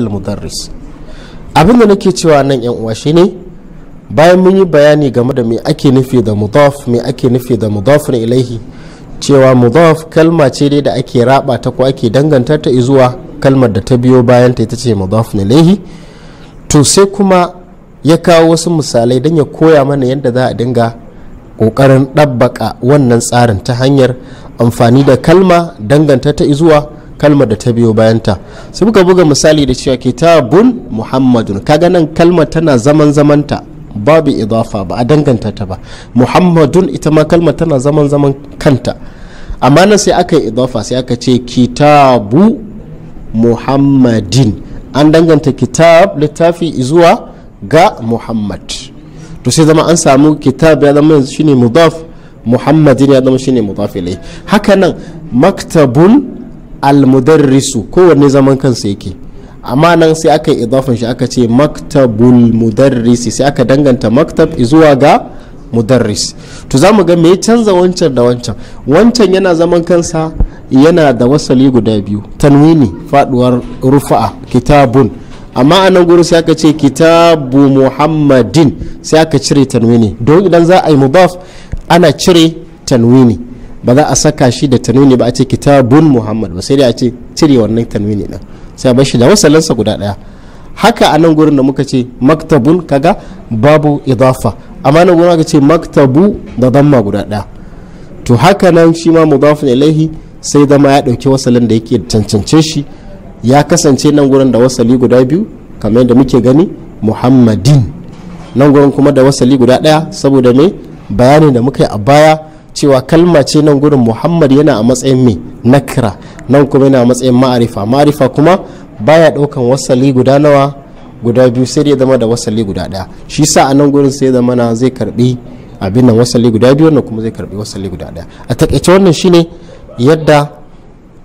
al-mudarris abin da nake cewa nan yan uwa ne bayan mun yi bayani game da me ake nufi da mudaf me ake nufi da mudafun ilaihi cewa mudaf kalma ce dai da ake raba ta ko ake danganta ta zuwa kalmar da ta biyo bayan ta ita ce mudafun ilaihi to sai kuma ya kawo wasu misalai don ya koya mana yadda za a dinga kokarin ɗabbaka wannan tsarin ta hanyar amfani da kalma danganta ta zuwa kalmar da ta biyo bayanta sai muka buga misali da cewa kitabun muhammadun kaga nan kalmar tana zaman zamanta babu idafa ba a danganta ta ba muhammadun ita ma kalmar tana zaman zaman kanta amma nan sai aka yi idafa sai aka ce kitabu muhammadin an danganta kitab littafi zuwa ga muhammad to sai zama an samu kitab ya zama shine mudaf muhammadin ya zama shine mudaf ilai haka nan maktabun al almudarrisu kowanne zaman kansa yake amma nan sai aka yi shi aka ce maktabul mudarrisi sai aka danganta maktab zuwa ga mudarris to za mu ga me canza wancan da wancan wancan yana zaman kansa yana da wasali guda biyu tanwini faduwar rufa'a kitabun amma a nan gurin sai aka ce kitabu muhammadin sai aka cire tanwini don idan za a yi mubaf ana cire tanwini ba za a saka shi da tanwini ba a ce kitabun muhammad ba sai dai a ce cire wannan tanwini din sai a bar shi da wasalinsa guda daya haka a nan gurin da muka ce maktabun kaga babu idafa amma nan gurin aka ce maktabu da damma guda daya to haka nan shi ma mudafun ilaihi sai zama ya dauki wasalin da yake cancance shi ya kasance nan gurin da wasali guda biyu kamar yadda muke gani muhammadin nan gurin kuma da wasali guda daya saboda me bayanin da muka yi a baya cewa kalma ce nan gurin muhammad yana a matsayin mai nakira nan kuma yana a matsayin ma'arifa ma'arifa kuma baya daukan wasali guda nawa guda biyu sai ya zama da wasali guda daya shi sa a nan gurin sai ya zama na zai karbi abin nan wasali guda biyu wannan kuma zai karbi wasali guda daya a takaice wannan shine yadda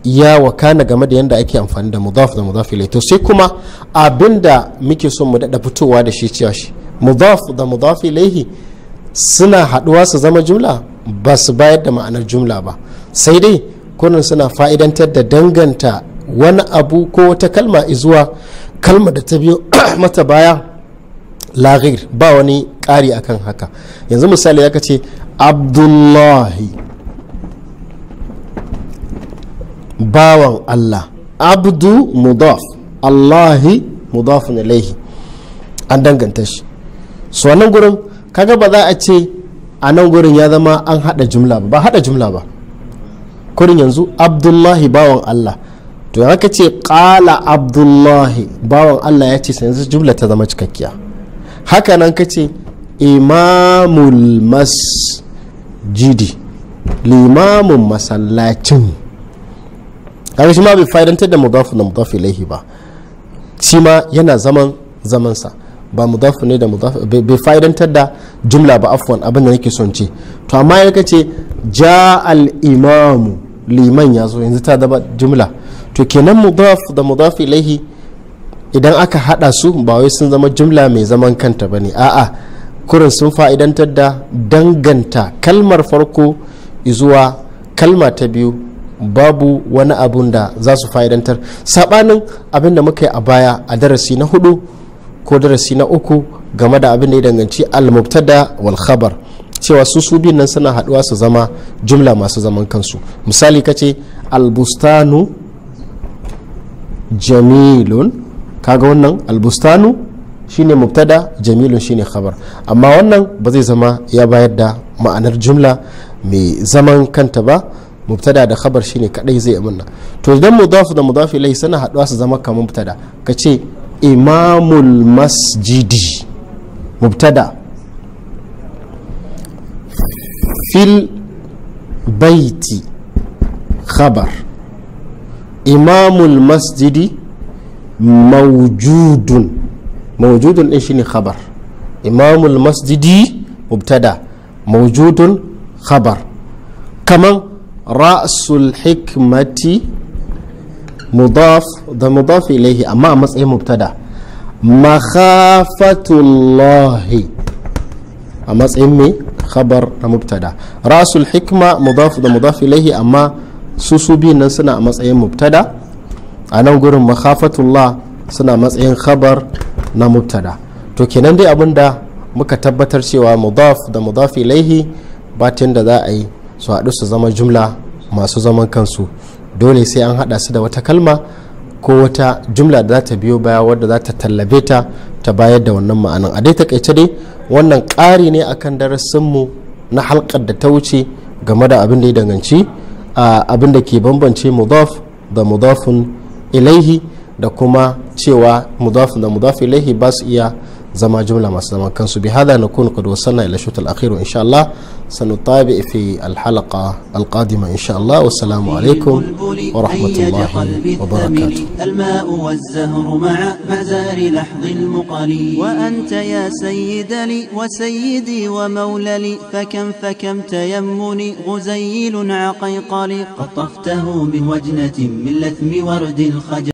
ya wakana game da yadda ake amfani da mudaf da mudaf ilai to sai kuma abinda muke son mu dada fitowa da shi cewa shi mudaf da mudaf ilai suna haduwa su zama jumla ba su bayar da ma'anar jumla ba sai dai kunan suna fa'idantar da danganta wani abu ko wata kalma izuwa kalma da ta biyo mata baya laghir ba wani ƙari akan haka yanzu misali ya ce abdullahi bawan allah abdu mudaf allahi mudafun ilaihi an danganta shi su wannan gurin kaga ba za a ce a nan gurin ya zama an hada jumla ba hada jumla ba kurin yanzu abdullahi bawan allah to ya ka ce kala abdullahi bawan allah ya ce sai yanzu jumla ta zama cikakkiya haka nan ka ce imamul masjidi limamun masallacin kaga shi ma bai fa'idantar da mudafu da mudafu ilaihi ba shi ma yana zaman zamansa ba mudaf ne da mudaf bai fa'idantar da jumla ba afwan abin da nake son ce to amma ya kace ja al imamu liman ya zo yanzu ta daba jumla to kenan mudaf da mudaf ilaihi idan aka hada su ba wai sun zama jumla mai zaman kanta bane a'a kurin sun fa'idantar da danganta kalmar farko zuwa kalma ta biyu babu wani abun da za su fa'idantar saɓanin abin da muka yi a baya a darasi na hudu ko darasi na uku game da abin da ya danganci al-mubtada wal khabar cewa su su biyun nan suna haduwa su zama jumla masu zaman kansu misali kace albustanu jamilun kaga wannan albustanu shine mubtada jamilun shine khabar amma wannan ba zai zama ya bayar da ma'anar jumla mai zaman kanta ba mubtada da khabar shine kadai zai amina to idan mudaf da mudaf ilai suna haduwa su zama kamar mubtada kace imamul masjidi mubtada fil baiti khabar imamul masjidi mawjudun mawjudun din shine khabar imamul masjidi mubtada mawjudun khabar kaman ra'sul hikmati mudaf da mudaf amma a matsayin mubtada makhafatullahi a matsayin mai khabar na mubtada rasul hikma mudaf da mudaf amma su su nan suna a matsayin mubtada a nan gurin makhafatullah suna matsayin khabar na mubtada to kenan dai abinda muka tabbatar cewa mudaf da mudaf ilaihi batin da za a yi su haɗu su zama jumla masu zaman kansu dole sai an hada su da wata kalma ko wata jumla da za ta biyo baya wadda za ta tallabe ta ta bayar da wannan ma'anan a dai takaice dai wannan ƙari ne akan darasinmu na halkar da ta wuce game da abin da ya danganci abin da ke bambance mudaf da mudafun ilaihi da kuma cewa mudafun da mudaf ilaihi ba su iya زما جملة مع زمان كنسو بهذا نكون قد وصلنا إلى الشوط الأخير وإن شاء الله سنطابع في الحلقة القادمة إن شاء الله والسلام عليكم ورحمة الله وبركاته الماء والزهر مع مزار لحظ المقالي وأنت يا سيد لي وسيدي ومولى لي فكم فكم تيمني غزيل عقيقلي قطفته بوجنة من لثم ورد الخجل